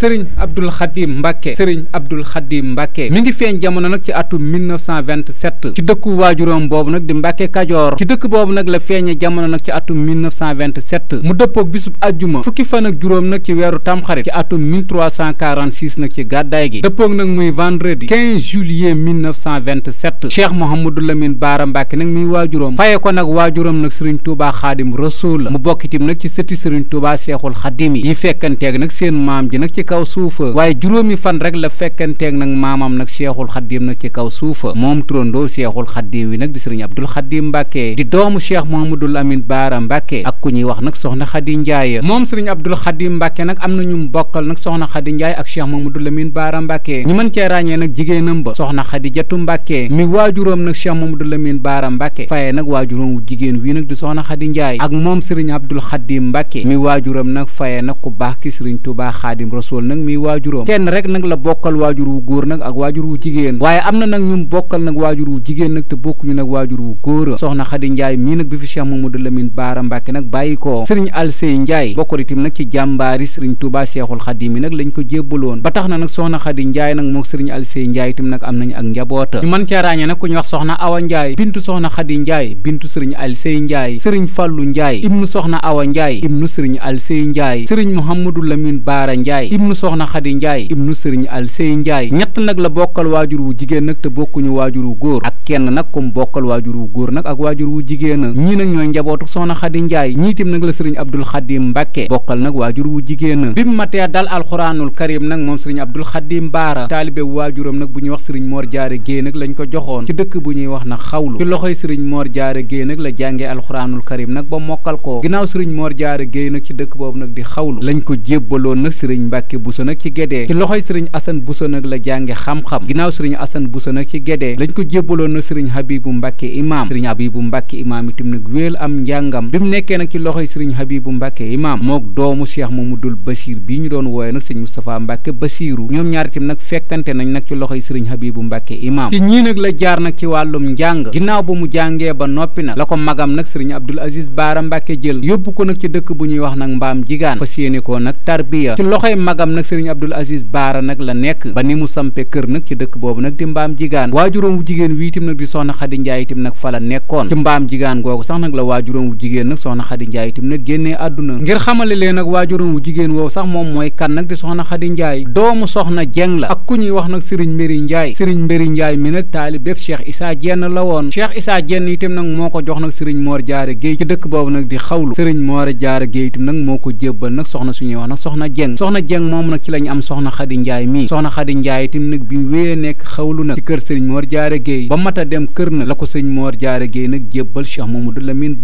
sëriñ Abdul Xadim Mbacke sëriñ Abdul Xadim Mbacke mi ngi feeñ jamono nag ci atum 1927 ci dëkku waajuram boobu nag di Mbacke Kajoor ci dëkk boobu nag la feeñe jamono nag ci atum 1927 mu dëppoog bisub ajjuma fukki fan ak juróom nag ci weeru tamxarit ci atum 1346 nag ci gàddaay gi dëppoog nag muy vendredi 15 juillet 1927 Cheikh Mouhamadou Lamine Baara Mbacke nag muy waajuram faye ko nag waajuram nag sëriñ Touba Xaadim Rasuul mu bokkitim nag ci sëti sëriñ Touba Seexul Xadim yi yi fekkanteeg nag seen maam ji nag ci kaw suufa waaye juróomi fan rek la fekkenteeg nag maamam nag seexul xaddiim nag ci kaw suufa moom turandoo seexul xaddiim wi nag di sëriñ abdul xaddiim mbàkke di doomu cheikh mohamadul amin baara mbàkke ak ku ñuy wax nag soxna xadi njaay moom sëriñ abdul xaddiim mbàkke nag am na ñu bokkal nag soxna xadi njaay ak cheikh mohamadul amin baara mbàkke ñu man cee ràññee nag jigéenam ba soxna xadi jatu mbàkke mi waajuróom nag cheikh mohamadul amin baara mbàkke fayee nag waajuróom wu jigéen wi nag di soxna xadi njaay ak moom sëriñ abdul xaddiim mbakke mi waajuram nag fayee nag ku baax ki sëriñ tuubaa xaadim toll nag mi waajuram kenn rek nag la bokkal waajur wu góor nag ak waajur wu jigéen waaye am na nag ñum bokkal nag waajur wu jigéen nag te bokkuñu nag waajur wu góor soxna Xadi Njaay mii nag bi fi Cheikh Mamadou Lamine Baara Mbàkke nag bàyyi ko sëriñ Alsey Njaay bokkoon itam nag ci jàmbaari sëriñ Tuubaa Seexul Xadiim yi nag lañ ko jébbaloon ba tax na nag soxna Xadi Njaay nag mook sëriñ Alsey Njaay itam nag am nañ ak njaboota ñu mën cee ràññee nag ku ñu wax soxna Awa Njaay bintu soxna Xadi Njaay bintu sëriñ Alsey Njaay sëriñ Fàllu Njaay ibnu soxna Awa Njaay ibnu sëriñ Alsey Njaay sëriñ Mouhamadou Lamine Baara Njaay ibnu soxna xadi njaay ibnu sëriñ alsey njaay ñett nag la bokkal waajur wu jigéen nag te bokkuñu waajur wu góor ak kenn nag kum bokkal waajur wu góor nag ak waajur wu jigéen a ñii nag ñooy njabootu soxna xadi njaay ñii itam nag la sëriñ abdul xadim mbàkke bokkal nag waajur wu jigéen a bi mu matee dal alxuraanul karim nag moom sëriñ abdul xadim baara taalibe waajuram nag bu ñuy wax sëriñ moor jaare géey nag lañ ko joxoon ci dëkk bu ñuy wax na xawlu ci loxoy sëriñ moor jaare géey nag la jàngee alxuraanul karim nag ba mokkal ko ginnaaw sëriñ moor jaare géey nag ci dëkk boobu nag di xawlu lañ ko jébbaloon nag sëriñ mbàkke Mbacke Bousso nag ci Guédé ci loxoy sëriñ Assane Bousso nag la jànge xam-xam ginnaaw sëriñ Assane Bousso nag ci Guédé lañ ko jébbaloon na sëriñ Habibou Mbacke imam sëriñ Habibou Mbacke imam itam nag wéel am njàngam bi mu nekkee nag ci loxoy sëriñ Habibou Mbacke imam mook doomu Cheikh Mamadou Bachir bii ñu doon wooye nag sëriñ Moustapha Mbacke Bachiru ñoom ñaar itam nag fekkante nañ nag ci loxoy sëriñ Habibou Mbacke imam ci ñii nag la jaar nag ci wàllum njàng ginnaaw ba mu jàngee ba noppi nag la ko magam nag sëriñ Abdoul Aziz Baara Mbacke jël yóbbu ko nag ci dëkk bu ñuy wax nag mbaam jigaan fas yéene ko nag tarbiya ci loxoy magam mbaam nag sëriñ Abdul Aziz Baara nag la nekk ba ni mu sampe kër nag ci dëkk boobu nag di mbaam jigaan waajuróom wu jigéen wi itam nag di soxna Xadi Njaay itam nag fa la nekkoon ci mbaam jigaan googu sax nag la waajuróom wu jigéen nag soxna Xadi Njaay itam nag génnee àdduna ngir xamale leen nag waajuróom wu jigéen woowu sax moom mooy kan nag di soxna Xadi Njaay doomu soxna Jeng la ak ku ñuy wax nag sëriñ Mbéri Njaay sëriñ Mbéri Njaay mi nag taali bépp Cheikh Isaa Jenn la woon Cheikh Isaa Jenn itam nag moo ko jox nag sëriñ Moor Jaara Géey ci dëkk boobu nag di xawlu sëriñ Moor Jaara Géey itam nag moo ko jébbal nag soxna suñuy wax nag moom nag ci la ñu am soxna xadi njaay mii soxna xadi njaay tim nag bi mu wéyee nekk xawlu nag ci kër sëriñ moor jaare géey ba mat a dem kër nag la ko sëriñ moor jaare géey nag jébbal cheikh mamadou lamine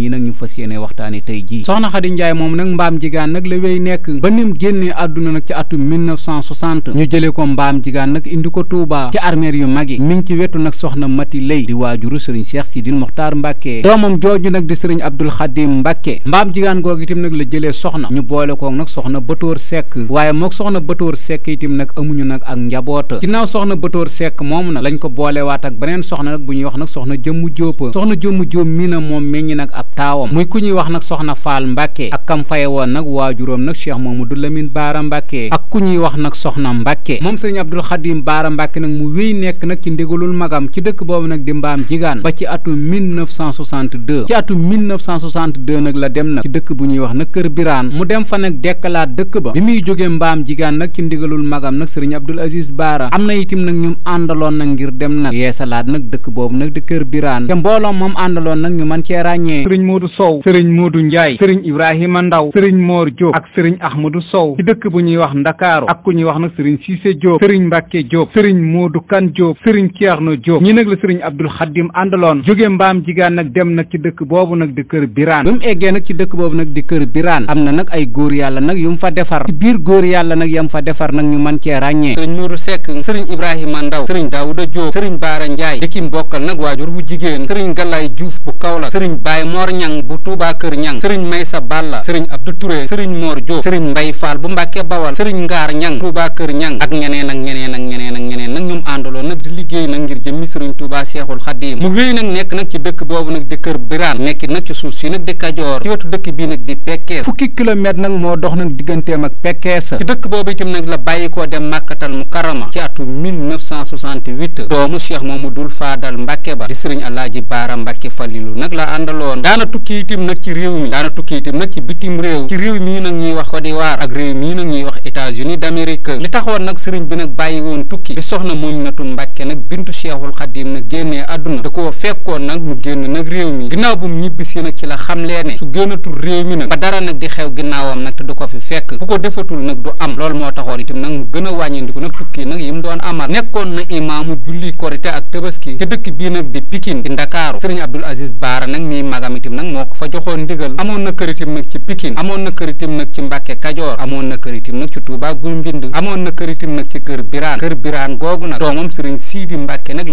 mii nag ñu fas yéene waxtaane tey jii soxna xadi njaay moom nag mbaam jigaan nag la wéy nekk ba nim génnee àdduna nag ci atum 1960 ñu jëlee ko mbaam jigaan nag indi ko tuubaa ci armeer yu mag yi mi ngi ci wetu nag soxna mati lay di waajuru sëriñ cheikh sidil moxtaar Mbàkke doomam jooju nag di sëriñ Abdul Xadim Mbàkke mbaam jigaan googu itam nag la jëlee soxna ñu boole koog nag soxna Batoor Seck waaye moog soxna Batoor Seck itam nag amuñu nag ak njaboota ginnaaw soxna Batoor Seck moom nag lañ ko boolewaat ak beneen soxna nag bu ñuy wax nag soxna jëmmu jóopa soxna jëmmu jóob mii na moom meññi nag ab taawam muy ku ñuy wax nag soxna Faal Mbàkke ak kam faye woon nag waajuróom nag Cheikh Mamadou Lamine Baara Mbàkke ak ku ñuy wax nag soxna Mbàkke moom sëriñ Abdul Xadim Baara Mbàkke nag mu wéy nekk nag ci ndigalul magam ci dëkk boobu 1962 ci atum 1962 nag la dem nag ci dëkk bu ñuy wax nag kër biraan mu dem fa nag dekkalaat dëkk ba bi muy jógee mbaam jigaan nag ci ndigalul magam nag sëriñ Abdul Aziz Baara am na itim nag ñum àndaloon nag ngir dem nag yeesalaat nag dëkk boobu nag di kër biraan te mbooloo moom àndaloon nag ñu man cee ràññee sëriñ Moodu Sow sëriñ Moodu Njaay sëriñ Ibrahima Ndaw sëriñ Moor Jóob ak sëriñ du Sow ci dëkk bu ñuy wax Ndakaaru ak ku ñuy wax nag sëriñ Siise Jóob sëriñ Mbàkke Jóob sëriñ Moodu Kan Jóob sëriñ Ceerno Jóob ñi nag la sëriñ Abdul Xaddim àndaloon jógee Viviane nag dem nag ci dëkk boobu nag di kër Birane bi mu eggee nag ci dëkk am na nag ay góor yàlla nag yu mu fa defar ci biir góor yàlla nag yam fa defar nag ñu mën cee ràññee sëriñ Nuuru Seck sëriñ Ibrahima Ndaw sëriñ Daouda Diop sëriñ Baara Ndiaye di ki mbokkal nag waajur bu jigéen sëriñ Galaay Diouf bu Kaolack sëriñ Baye Mor Ñang bu Touba Kër Ñang sëriñ Maysa Balla sëriñ Abdou Touré sëriñ Mor Diop sëriñ Mbay Fall bu Mbàkke Bawal sëriñ Ngaar Ñang Touba Kër Ñang ak ñeneen ak ñeneen ak ñeneen ak ñeneen nag ñoom àndaloon nag di liggéey nag ngir jëmmi sëriñ Touba Seexul Xadiim mu wéy nag nekk nag ci dëkk boobu nag di kër biraan nekk nag ci suuf si nag di kajoor ci wetu dëkk bii nag di pekkees fukki kilomètre nag moo dox nag digganteem ak pekkeesa ci dëkk boobu itam nag la bàyyi koo dem màkkatal mu karama ci atu 1968 doomu cheikh mamadul faadal mbàkke ba di sëriñ alaaji baara mbàkke nag la àndaloon daana tukki itam nag ci réew mi daana tukki itam nag ci bitim réew ci réew mii nag ñuy wax Côte d'Ivoire ak réew mii nag ñuy wax États-Unis d'Amérique li taxoon nag sëriñ bi nag bàyyi woon tukki di soxna Muminatu Mbàkke nag bintu cheikhul xadim nag génnee àdduna da koo fekkoon nag mu génn génn nag réew mi ginnaaw bu mu ñibbisi nag ci la xamlee ne su génnatul réew mi nag ba dara nag di xew ginnaawam nag te du ko fi fekk bu ko defatul nag du am loolu moo taxoon itam nag mu gën a wàññandiku nag tukki nag yi doon amal nekkoon na imaamu julli korite ak tabaski te dëkk bii nag di Pikine di Ndakaaru sëriñ Abdul Aziz Baara nag mii magam itam nag moo ko fa joxoon ndigal amoon na kër itam nag ci Pikine amoon na kër nag ci Mbàkke Kajoor amoon na kër itam nag ci Tuubaa Guy Mbind na kër itam nag ci kër Biraan kër Biraan googu nag doomam sëriñ Siidi Mbàkke nag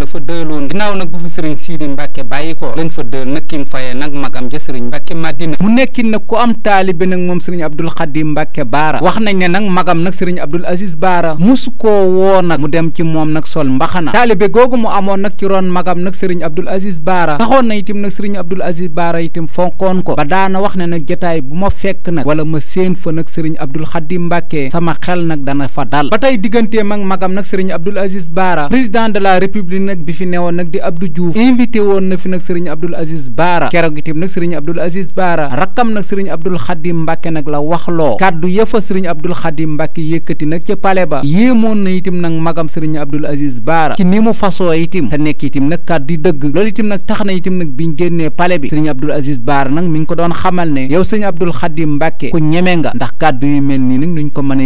lañ fa dël nag kim faye nag magam ja sëriñ mbàkke madina mu nekkin nag ku am taalibe nag moom sëriñ abdul xadim mbàkke baara wax nañ ne nag magam nag sëriñ abdul aziz baara musu koo woo nag mu dem moom nag sol mbaxana taalibe googu mu amoon nag ci roon magam nag sëriñ abdul aziz baara taxoon na itam nag sëriñ abdul aziz baara itam fonkoon ko ba wax ne nag jataay bu ma fekk nag wala ma séen fa nag sëriñ abdul xadim mbàkke sama xel nag dana fa dal ba tey diggantee mag magam nag sëriñ abdul aziz baara président de la république nag bi fi newoon nag di abdou diouf invité woon nag sëriñ sëriñ Abdul Aziz Baara keroog itam nag sëriñ Abdul Aziz Baara rakkam nag sëriñ Abdul Xadim Mbàkke nag la waxloo kàddu yëfa sëriñ Abdul Xadim Mbàkke yëkkati nag ca pale ba yéemoon na itam nag magam sëriñ Abdul Aziz Baara ci ni mu fasoo itam te nekk itam nag kàddu yi dëgg loolu itam nag tax na itam nag biñ génnee pale bi sëriñ Abdul Aziz Baara nag mi ngi ko doon xamal ne yow sëriñ Abdul Xadim Mbàkke ku ñeme nga ndax kàddu yu mel nii nag nuñ ko mën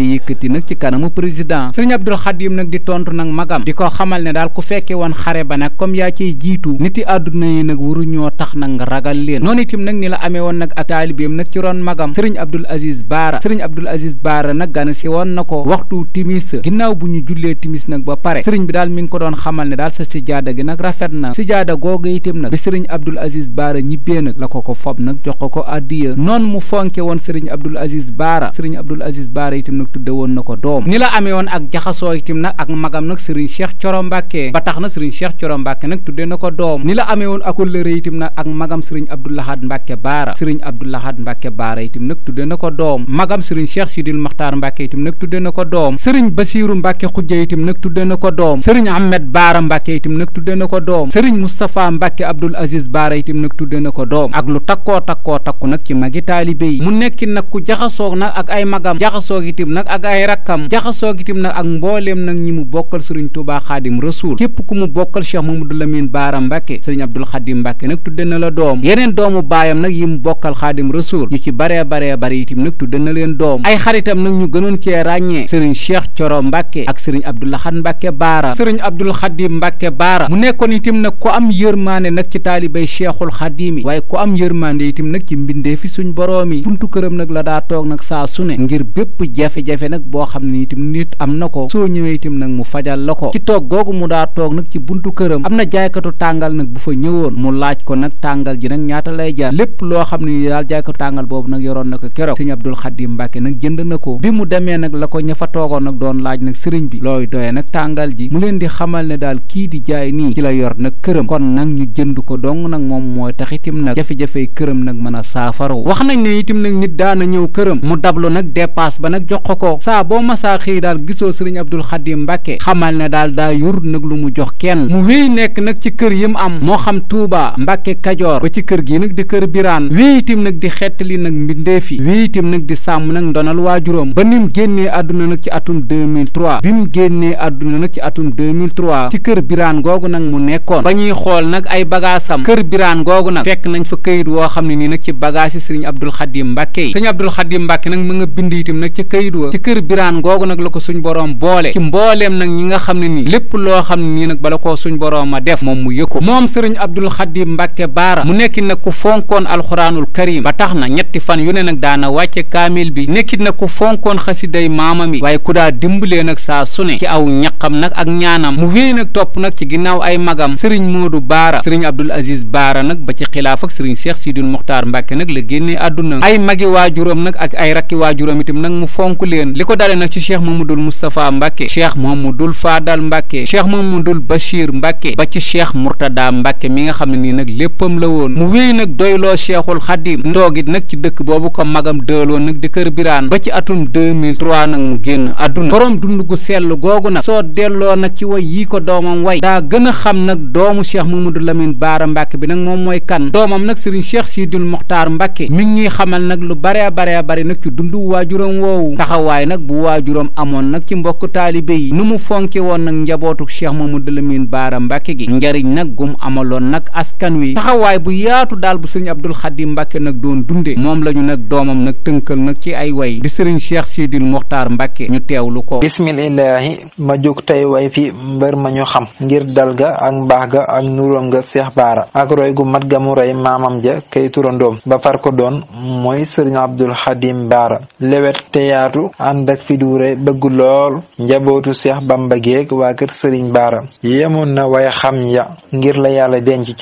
a waru ñoo tax nag nga ragal leen noonu itam nag ni la amee woon nag ak taalibeem nag ci ron magam sëriñ Abdul Aziz Baara sëriñ Abdul Aziz Baara na ba pare bi daal mi ngi ko doon xamal ne daal sa sijaada gi nag rafet na sijaada googu itam nag bi sëriñ ñibbee nag la ko ko fob nag jox ko ko addiya noonu mu fonke woon sëriñ Abdul Aziz Baara sëriñ Abdul Aziz Baara itam nag tudde woon na ko doom ni la amee woon ak jaxasoo itam nag ak magam nag sëriñ Cheikh Coro Mbàkke ba tax na sëriñ Cheikh Coro Mbàkke nag tudde na ko doom ni la amee woon wóllëre itam nag ak magam sëriñ abdoulahad mbàkke baara sëriñ abdoulahad mbàkke baara itam nag tudde na ko doom magam sëriñ cheikh sidil maxtaar mbàkke itam nag tudde na ko doom sëriñ basiiru mbàkke xujja itam nag tudde na ko doom sëriñ ahmed baara mbàkke itam nag tudde na ko doom sëriñ moustapha mbàkke abdoul aziz baara itam nag tudde na ko doom ak lu takkoo takkoo takku nag ci magi taalibe yi mu nekki nag ku jaxasoog nag ak ay magam jaxasoog itam nag ak ay rakkam jaxasoog itam nag ak mboolem nag ñi mu bokkal sëriñ tuubaa xaadim rasuul képp ku mu bokkal cheikh Mbàkke nag tudde na la doom yeneen doomu baayam nag yi mu bokkal xaadim rasuul ñu ci baree baree bari itam nag tudde na leen doom ay xaritam nag ñu gënoon cee ràññee sëriñ Cheikh Coro Mbàkke ak sëriñ Abdul Ahad Mbàkke Baara sëriñ Abdul Xadim Mbàkke Baara mu nekkoon itam nag ku am yërmaande nag ci taalibay Cheikhul Xadim yi waaye ku am yërmaande itam nag ci mbindee fi suñ boroom yi buntu këram nag la daa toog nag saa su ne ngir bépp jafe-jafe nag boo xam ne itam na ko soo nag mu fa ñëwoon mu laaj ko nag tàngal ji nag ñaata lay jaar lépp loo xam ne ni daal jaaykatu tàngal boobu nag yoroon na ko keroog sëñ Abdul Xadim Mbàkke nag na ko bi mu demee nag la ko ña fa toogoon nag doon laaj nag sëriñ bi looy doye nag tàngal ji mu leen di xamal ne daal kii di jaay nii ci la yor nag këram kon nag ñu jënd ko dong nag moom mooy tax itim nag jafe-jafey këram nag a saafaraw wax nañ ne itim nag nit daana ñëw ba nag jox ko ko saa boo masaa xëy daal gisoo sëriñ Abdul Xadim Mbàkke xamal ne daal daa yor nag lu mu jox kenn mu wéy nekk nag ci kër yim am moo xam Tuuba Touba Mbacke Kajoor ba ci kër gi nag di kër Biraan wii itam nag di xettali nag mbindeef yi wii itam nag di sàmm nag ndonal waajuram ba nim génnee àdduna nag ci atum 2003 bi mu génnee àdduna nag ci atum 2003 ci kër Biraan googu nag mu nekkoon ba ñuy xool nag ay bagaasam kër Biraan googu nag fekk nañ fa këyit woo xam ne nii nag ci bagaas yi sëriñ Abdul Xadim Mbacke yi sëriñ Abdul Xadim Mbacke nag mu nga bind itam nag ci këyit wa ci kër Biraan googu nag la ko suñ borom boole mbooleem nag ñi nga xam ne nii lépp loo xam nii nag bala koo suñ borom a def moom mu yëg xaddi mbàkke baara mu nekkit nag ku fonkoon alxuraanul karim ba tax na ñetti fan yu ne nag daana wàcce kaamil bi nekkit nag ku fonkoon xasiday maamam yi waaye ku daa dimbalee nag saa su ne ci aw ñaqam nag ak ñaanam mu wéy nag topp nag ci ginnaaw ay magam sëriñ moodu baara sëriñ abdul aziz baara nag ba ci xilaaf ak sëriñ cheikh sidul muxtaar mbàkke nag la génnee àdduna ay magi waajuram nag ak ay rakki waajuram itam nag mu fonk leen li ko dalee nag ci cheikh mamadul moustapha mbàkke cheikh mamadul faadal mbàkke cheikh mamadul bachir mbàkke ba ci cheikh murtada mbàkke mi nga xam ne nii nag léppam la woon mu wéy nag doyloo cheikhul xadim ndoogit nag ci dëkk boobu ko magam dëloon nag di kër biraan ba ci atum 2003 nag mu génn àdduna borom dund gu sell googu nag soo delloo nag ci way yii ko doomam way daa gën a xam nag doomu cheikh mamadou lamine baara mbàkke bi nag moom mooy kan doomam nag sëriñ cheikh sidul muxtaar mbàkke mi ngi ñuy xamal nag lu baree baree bari nag ci dund waajuram woowu taxawaay nag bu waajuram amoon nag ci mbokk taalibe yi nu mu fonke woon nag njabootu cheikh mamadou lamine baara mbàkke gi njariñ nag gum amaloon nag askan wi taxawaay bu yaatu daal bu sëriñ Abdul Xadim Mbàkke nag doon dundee moom la ñu nag doomam nag tënkal nag ci ay way di sëriñ Cheikh Sidil Muxtaar Mbàkke ñu lu ko bismillaahi ma jóg tey way fi mbër ma ñu xam ngir dal ga ak mbaax ga ak nuróom nga Seex Baara ak roy gu mat ga mu rey maamam ja kay turandoom ba far ko doon mooy sëriñ Abdul Xadim Baara lewet te yaatu ànd ak fi duure bëgg lool njabootu Seex Bamba geeg waa kër sëriñ Baara yemoon na way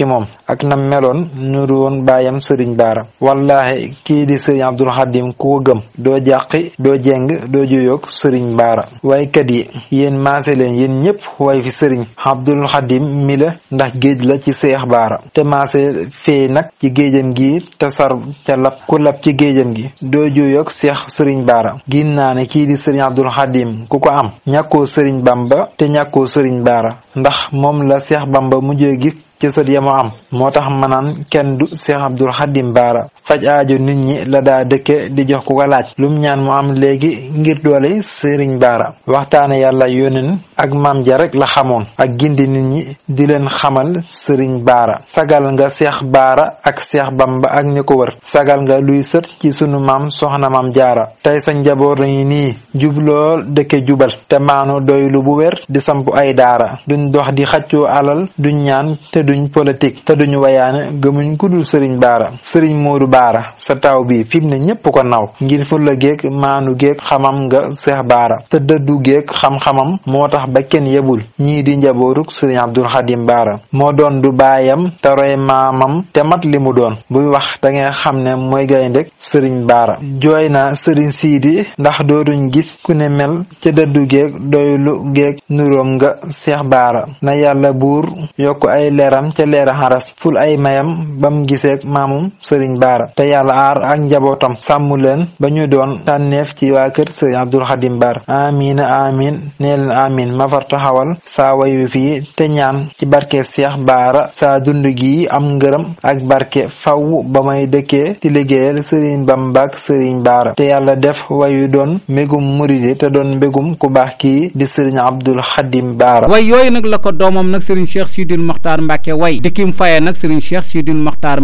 moom ak nam meloon nuru woon baayam sëriñ baara wallaahi kii di sëriñ abdul xadim ku ko gëm doo jàqi doo jeng doo juyook sëriñ baara waykat yi yéen maase leen yéen ñépp way sëriñ abdul xadim mi la ndax géej la ci seex baara te maase fee nag ci géejam gi te sar ca lab ku lab ci géejam gi doo juyoog seex sëriñ baara gin naa ne kii di sëriñ abdul xadim ku ko am ñàkkoo sëriñ bamba te ñàkkoo sëriñ baara ndax moom la seex bamba mujjee gis ci sët ya am moo tax ma naan kenn du Cheikh Abdoul Khadim Baara faj aajo nit ñi la daa dëkke di jox ku ko laaj lum ñaan mu am léegi ngir doole sëriñ baara waxtaane yàlla yóneen ak maam ja rek la xamoon ak gindi nit ñi di leen xamal sëriñ baara sagal nga seex baara ak seex bamba ak ñi ko wër sagal nga luy sët ci sunu maam soxna maam jaara tey sa njaboot nañu nii jubloo dëkke jubal te maanu doylu bu wér di samp ay daara duñ dox di xaccoo alal duñ ñaan te duñ politique te duñu wayaane gëmuñ ku sëriñ baara sëriñ baara sa taw bi fi mu ne ñépp ko naw ngir fulla géeg maanu géeg xamam nga seex baara sa dëddu géeg xam-xamam moo tax ba kenn yebul ñii di njabooruk sëriñ abdul xadim baara moo doon du baayam te roy maamam te mat li mu doon buy wax da nga xam ne mooy gayndeg sëriñ baara jooy na sëriñ siidi ndax dootuñ gis ku ne mel ca dëddu géeg doylu géeg nuróom nga seex baara na yàlla buur yokk ay leeram ca leera xaras ful ay mayam bam giseek maamum sëriñ baara te yàlla aar ak njabootam sàmm leen ba ñu doon tànneef ci waa kër sëriñ Abdul Xadim Bar amiin amiin nee leen amiin ma far taxawal saa wayu fii te ñaan ci barke Seex Baara sa dund gi am ngërëm ak barke faw ba may dëkkee ci liggéeyal sëriñ Bamba ak sëriñ Baara te yàlla def wayu doon mbégum muride te doon mbégum ku baax kii di sëriñ Abdul Xadim Baara way yooyu nag la ko doomam nag sëriñ Cheikh Sidil Moxtaar Mbàkke way dikkim faye nag sëriñ Cheikh Sidil Moxtaar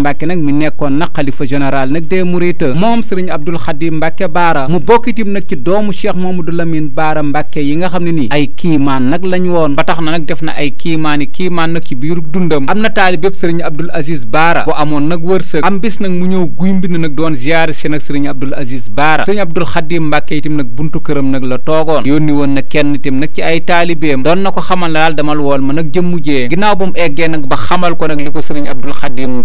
général nag des mourides moom sëriñ Abdul Xadim Mbacke Baara mu bokk itam nag ci doomu Cheikh Mamadou Lamine Baara Mbacke yi nga xam ne nii ay kiimaan nag lañ woon ba tax na nag def na ay kiimaani kiimaan nag ci biiru dundam am na taali bépp sëriñ Abdul Aziz Baara bu amoon nag wërsëg am bis nag mu ñëw guy mbind nag doon ziyaare si nag sëriñ Abdul Aziz Baara sëriñ Abdul Xadim Mbacke itam nag buntu këram nag la toogoon yónni woon na kenn itam nag ci ay taalibeem doon na ko xamal la daal damal wool ma nag jëmmu jee ginnaaw ba mu eggee nag ba xamal ko nag li ko sëriñ Abdul Xadim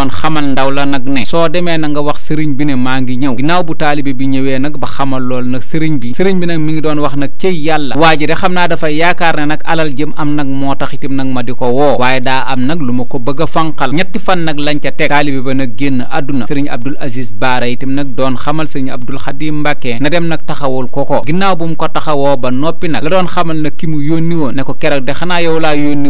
yoon xamal ndaw la nag ne soo demee na nga wax sëriñ bi ne maa ngi ñëw ginnaaw bu taalibe bi ñëwee nag ba xamal lool nag sëriñ bi sëriñ bi nag mi ngi doon wax nag cëy yàlla waa ji de xam naa dafa yaakaar ne nag alal jëm am nag moo tax itam nag ma di ko woo waaye daa am nag lu ma ko bëgg a fanqal ñetti fan nag lañ ca teg taalibe ba nag génn àdduna sëriñ Abdul Aziz Baara itam nag doon xamal sëriñ Abdul Xadim Mbàkke na dem nag taxawul koko ginnaaw bu mu ko taxawoo ba noppi nag la doon xamal nag ki mu yónni woon ne ko keroog de xanaa yow laa yónni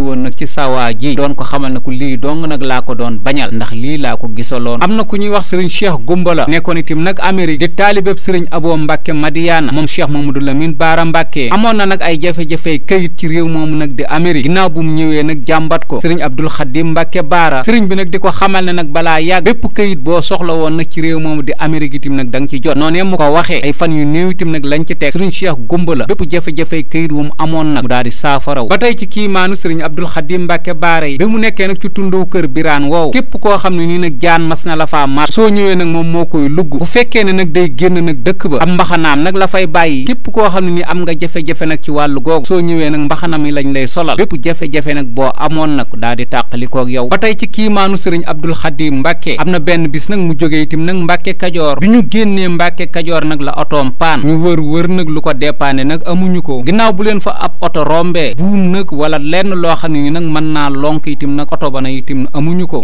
ndax lii laa ko gisaloon am na ku ñuy wax sëriñ cheikh gumbala nekkoon itam nag amérique di taalibeb sëriñ aboo mbàkke madiyaana moom cheikh mamadou lamine baara mbàkke amoon na nag ay jafe-jafey këyit ci réew moomu nag di amérique ginnaaw bu mu ñëwee nag jàmbat ko sëriñ abdul xadim mbàkke baara sëriñ bi nag di ko xamal ne nag balaa yàgg bépp këyit boo soxla woon nag ci réew moomu di amérique itam nag da nga ci jot noonee mu ko waxee ay fan yu néew itam nag lañ ci teg sëriñ cheikh gumbala bépp jafe-jafey këyit wu mu nag daal di saafaraw ba tey ci kiimaanu sëriñ abdul xadim mbàkke baara yi bi mu nekkee nag ci tunduw kër biraan woow képp xam ne nii nag jaan mas na la faa mar soo ñëwee nag moom moo koy lugg bu fekkee ne nag day génn nag dëkk ba am mbaxanaam nag la fay bàyyi képp koo xam ne ni am nga jafe-jafe nag ci wàllu googu soo ñëwee nag mbaxanam yi lañ lay solal bépp jafe-jafe nag boo amoon nag daal di tàqalikoog yow ba tey ci kiimaanu sëriñ Abdul Xadim Mbàkke am na benn bis nag mu jógee itam nag Mbàkke Kajoor bi ñu génnee Mbàkke Kajoor nag la otoom paan ñu wër wër nag lu ko dépanne nag amuñu ko ginnaaw bu leen fa ab oto rombee buum wala lenn loo xam ne ni nag mën naa lonk itim nag oto ba na amuñu ko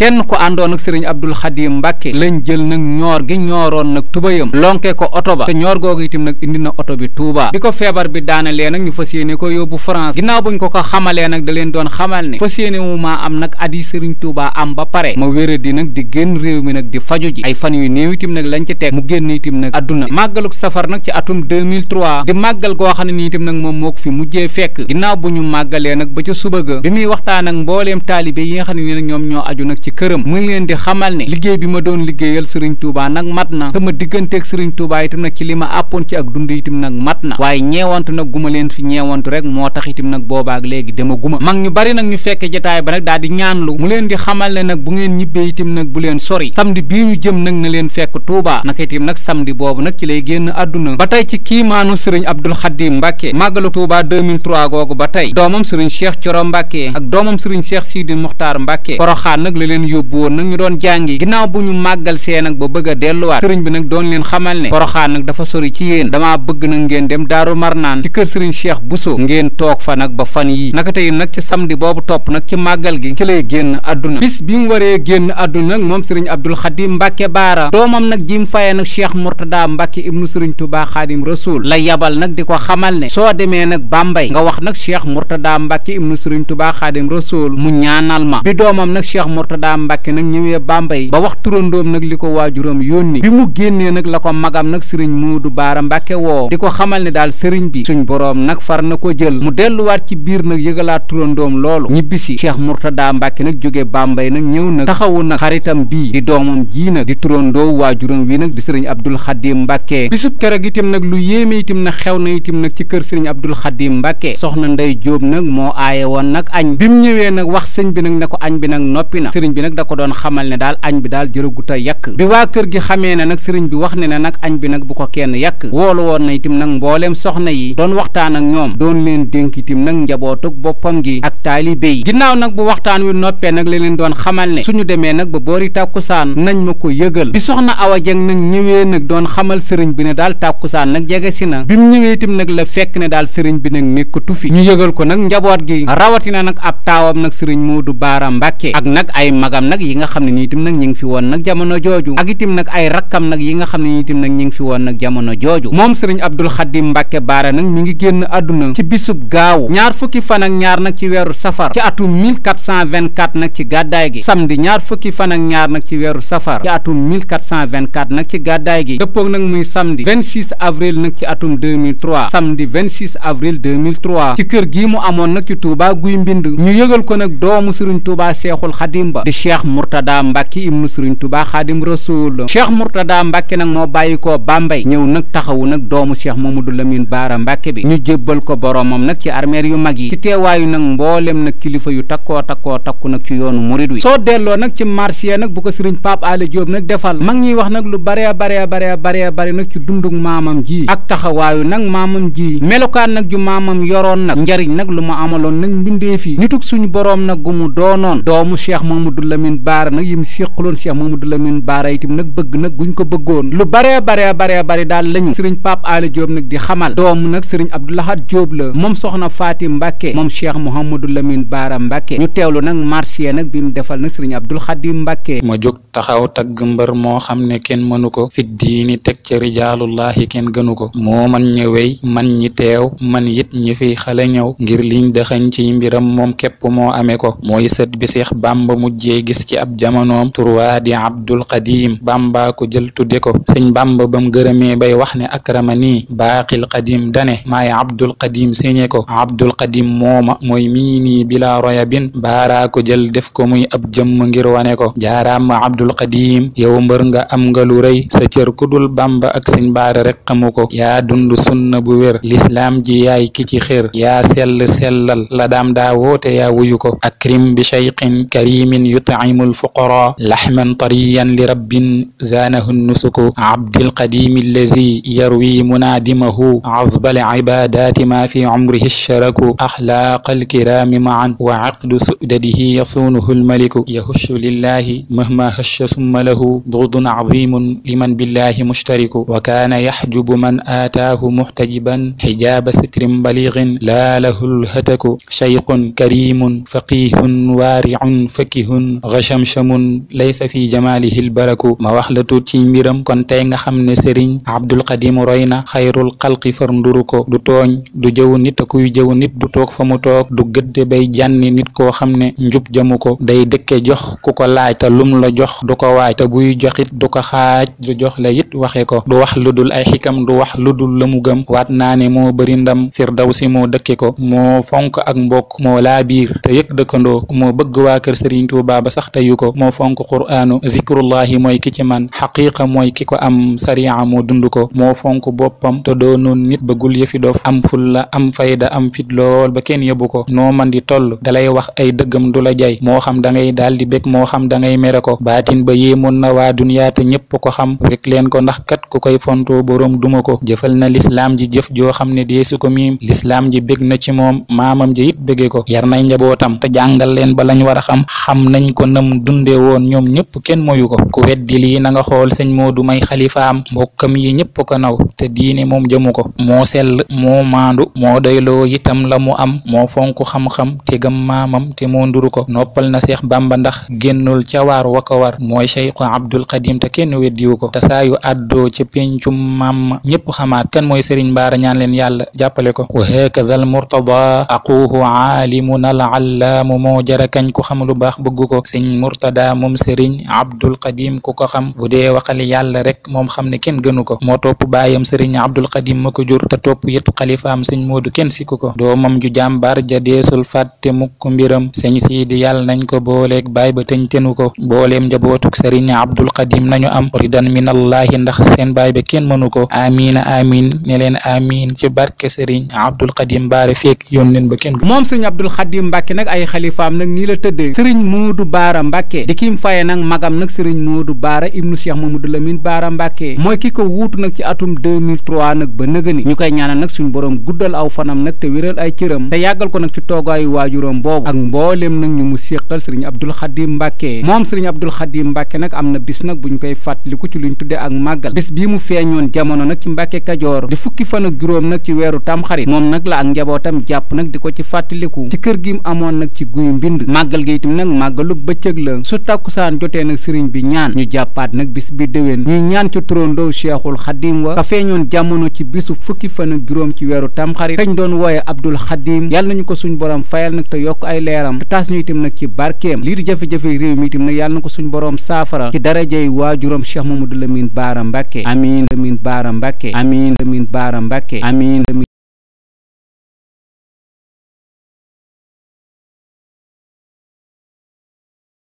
yoon ak sëriñ Abdul Xadim Mbàkke lañ jël nag ñoor gi ñooroon nag tubayam lonke ko oto ba te ñoor googu itam nag indi na oto bi Touba bi ko feebar bi daanalee nag ñu fa yéene ko yóbbu France ginnaaw buñ ko ko xamalee nag da leen doon xamal ne fas yéene wu maa am nag at yi sëriñ Touba am ba pare ma wéra di nag di génn réew mi nag di faju ji ay fan yu néew itam nag lañ ci teg mu génn itam nag adduna màggaluk safar nag ci atum 2003 di màggal goo xam ne ni itam nag moom moo ko fi mujjee fekk ginnaaw bu ñu màggalee nag ba ca suba ga bi muy waxtaan ak mbooleem taalibe yi nga xam ne ni nag ñoo aju nag ci këram leen di xamal ne liggéey bi ma doon liggéeyal sëriñ Touba nag mat na sama digganteeg sëriñ Touba itam nag ci li ma àppoon ci ak dund itam nag mat na waaye ñeewantu nag guma leen fi ñeewantu rek moo tax itam nag boobaak mag ñu bari nag ñu fekke jataay ba nag daal di ñaanlu mu leen di xamal ne nag bu ngeen ñibbee itam nag bu leen sori samedi bii ñu jëm nag na leen fekk Touba nag ci lay génn àdduna ba tey ci kiimaanu sëriñ Abdul Xadim Mbàkke màggalu Touba googu ba tey doomam sëriñ Cheikh Coro Mbàkke ak doomam sëriñ Cheikh Sidi Muxtaar Mbàkke poroxaan nag la leen yóbbu woon nag nag ñu doon jàngi ginnaaw bu ñu màggal see nag ba bëgg a delluwaat sëriñ bi nag doon leen xamal ne poroxaan nag dafa sori ci yéen damaa bëgg nag ngeen dem daaru marnaan ci kër sëriñ cheikh buso ngeen toog fa nag ba fan yii naka tey nag ci samedi boobu topp nag ci màggal gi ci lay génn àdduna bis bi mu waree génn àdduna nag moom sëriñ abdul xadim mbàkke baara doomam nag jim faye nag cheikh mourtada mbàkke ibnu sëriñ tubaa xaadim la yabal nag di ko xamal ne soo demee nag bàmbay nga wax nag cheikh mourtada mbàkke ibnu mu ñaanal ma bi ñëwee Bambey ba wax turandoom nag li ko waajuram yónni bi mu génnee nag la ko magam nag sëriñ Muudu Baara Mbàkke woo di ko xamal ne daal sëriñ bi suñ boroom nag far na ko jël mu delluwaat ci biir nag yëgalaat turandoom loolu ñibbisi Cheikh Mourtada Mbàkke nag jóge Bambey nag ñëw nag taxawu nag xaritam bii di doomam jii nag di turandoo waajuram wi nag di sëriñ Abdul Xadim Mbàkke bisub keroog itam nag lu yéeme itam nag xew na itam nag ci kër sëriñ Abdul Xadim Mbàkke soxna Ndey Jóob nag moo aaye woon nag añ bi mu ñëwee nag wax sëñ bi nag ne ko añ bi nag noppi na sëriñ bi nag da xamal ne daal añ bi daal jërëgut a yàq bi waa kër gi xamee ne nag sëriñ bi wax ne ne nag añ bi nag bu ko kenn yàq woolu woon na itam nag mbooleem soxna yi doon waxtaan ak ñoom doon leen dénk itam nag njabootug boppam gi ak taalibe yi ginnaaw nag wi noppee nag la leen doon xamal ne suñu demee nag ba boori tàkkusaan nañ ma ko yëgal bi soxna Awa Jeng nag ñëwee nag doon xamal sëriñ bi ne daal tàkkusaan nag jege si na bi mu ñëwee itam nag la fekk ne daal sëriñ bi nag nekkatu fi ñu yëgal ko nag njaboot gi rawatina nag ab taawam nag sëriñ Moodu Baara Mbàkke ak nag ay magam nag yi nga xam ne nii itam nag ñi ngi fi woon nag jamono jooju ak itam nag ay rakkam nag yi nga xam ne nii itam nag ñi ñaar fukki fan ak ñaar nag ci weeru safar ci atum nag ci gàddaay gi samedi ñaar fukki fan ak ñaar nag ci weeru safar ci atum 1424 nag ci gàddaay gi dëppoog nag muy samedi avril nag ci atum 2003 samedi 26 avril 2003 ci kër gii mu amoon nag ci Touba guy mbind ñu yëgal ko nag doomu sëriñ Touba Seexul Xadim ba di Cheikh Mourtada Mourtada Mbacke ibnu Serigne Touba Xaadim Rasul Cheikh Mourtada Mbacke nag moo bàyyi ko Bambey yu mag yi ci teewaayu nag mboolem nag kilifa yu takkoo takkoo takku nag ci yoonu murid wi soo delloo nag ci marché nag bu ko Serigne Pape Alé Diop nag defal mag ñuy wax nag lu bare bare bare bare bare nag ci dundug maamam ji ak taxawaayu nag maamam ji melokaan nag ju maamam yoroon nag njariñ nag lu mu amaloon nag mbindee fi nitug suñu boroom nag gu mu doonoon doomu Cheikh Mamadou Lamine Baara baara nag yim séqaloon Cheikh Mamadou Lamine Baara itam nag bëgg nag guñ ko bëggoon lu baree baree baree bari daal lañu sëriñ Pape Alé Diop nag di xamal doom nag sëriñ Abdou Lahad Diop la moom soxna Faati Mbàkke moom Cheikh Mouhamadou Lamine Baara Mbàkke ñu teewlu nag marché nag bi mu defal nag sëriñ Abdoul Khadim Mbàkke ma jog taxaw tag mbër moo xam ne kenn mënu ko fi diini teg ca rijaalullaahi kenn gënu ko moo man ñëwey man ñi teew man yit ñi fiy xale ñëw ngir li dëxañ ci mbiram moom képp jamonoom turwaa di abdul qadim bamba ko jël tudde ko sëñ bamba bam gërëmee bay wax ne akramani baaqil qadim dane maay abdul qadim séñe ko abdul qadim mooma mooy mii nii bila royabin baaraa ko jël def ko muy ab jëmm ngir wane ko jaaraam abdul qadim yow mbër nga am nga lu rëy sa cër ku dul bamba ak sëñ baara rek xamu ko yaa dund sunna bu wér lislaam ji yaay ki ci xér yaa sell sellal la daam woote yaa wuyu akrim bi shayqin karimin yut'imul فقرا لحما طريا لرب زانه النسك عبد القديم الذي يروي منادمه عظب العبادات ما في عمره الشرك أخلاق الكرام معا وعقد سؤدده يصونه الملك يهش لله مهما هش ثم له بغض عظيم لمن بالله مشترك وكان يحجب من آتاه محتجبا حجاب ستر بليغ لا له الهتك شيق كريم فقيه وارع فكه غشمش muxtachamun laysa fi jamaalihil baraku ma wax la tuut ci mbiram kon tey nga xam ne sëriñ abdul xadim roy na xayrul xalqi far ko du tooñ du jëw nit ak kuy jëw nit du toog fa mu toog du gëdde bay jànni nit koo xam ne njub jamu ko day dëkke jox ku ko laaj te lum la jox du ko waaj te buy joxit du ko xaaj du jox la it waxe ko du wax lu dul ay xikam du wax lu dul la mu gëm waat naa ne moo bëri ndam firdawsi moo dëkke ko moo fonk ak mbokk moo laa biir te yëg dëkkandoo bëgg waa ko moo fonk qur'aanu zikrullahi mooy ki ci man xaqiqa mooy ki ko am sariya moo dund ko moo fonk boppam te doonoon nit bëggul yëfi dof am fulla am fayda am fit lool ba kenn yóbbu ko noo man di toll dalay wax ay dagam du la jay moo xam da ngay daal di bég moo xam da ngay ko baatin ba yéemoon na waa duniya te ñépp ko xam wek leen ko ndax kat ku koy fontoo boroom duma ko jëfal na lislaam ji jëf joo xam ne deesu ko miim lislaam ji bég na ci moom maamam ji it bége ko yar nay njabootam a dundee woon ñoom ñëpp kenn moyu ko ku weddi lii na nga xool sëñ Modou May xalifaam mbokkam yi ñëpp ko naw te diine moom jëmu sell moo maandu moo doyloo itam la mu am mo fonk xam-xam te gëm maamam te mo nduru ko noppal na Seex Bàmba ndax génnul ca waar wa ko war mooy Cheikh Abdul Xadim te kenn weddiwu ko te saa yu àddoo ca péncum maam ñëpp xamaat kan mooy Sëriñ Baara ñaan leen yàlla jàppale ko wa hakadha al murtada aquhu aalimun al jarakañ ku xam baax bëgg ko sëñ Murtada moom Serigne Abdul Qadim ku ko xam bu dee waxal yàlla rek moom xam ne kenn gënu ko topp baayam Serigne Abdul Qadim ma ko topp it xalifaam sëñ Moodu kenn sikku ko doomam ju jàmbaar ja deesul fàtte mukk mbiram sëñ Siidi yàlla nañ ko booleeg baay ba tëñ tënu ko booleem njabootuk Serigne Abdul Qadim nañu am ridan minallahi ndax seen baay ba kenn mënu ko amiin amiin ne leen amiin ci barke Serigne Abdul Qadim baare feek yoon leen ba kenn moom Serigne Abdul Qadim Mbàkke nag ay xalifaam Mbàkke di kiim faye nag magam nag sëriñ Moodu Baara ibnu Cheikh Mamadou Lamine Baara Mbàkke mooy ki ko wuutu nag ci atum 2003 nag ba nëgëni ñu koy ñaanal nag suñu boroom guddal aw fanam nag te wéral ay cëram te yàggal ko nag ci toogaayu waajuram boobu ak mboolem nag ñu mu séqal sëriñ Abdul Xadim Mbàkke moom sëriñ Abdul Xadim Mbàkke nag am na bis nag bu ñu koy fàttaliku ci luñ tuddee ak màggal bis bii mu feeñoon jamono nag ci Mbàkke Kajoor di fukki fan ak juróom nag ci weeru tamxarit moom nag la njabootam jàpp nag di ko ci fàttaliku ci kër gi amoon nag ci guy mbind màggal gi itam nag màggalug bëccëg la su takkusaan jotee nag sëriñ bi ñaan ñu jàppaat nag bis bi déwén ñuy ñaan ci turandoo cheikhul xadim wa ka feeñoon jamono ci bisu fukki fan ak juróom ci weeru tamxarit kañ doon wooye abdul xadim yàlla nañu ko suñ borom fayal nag te yokk ay leeram te taas ñu itam nag ci barkeem lii di jafe-jafe réew mi itam nag yàlla na ko suñ borom saafara ci darajey waajuram cheikh mamadou lamine baara mbàkke amiin lamine baara mbàkke amiin lamine baara mbàkke amiin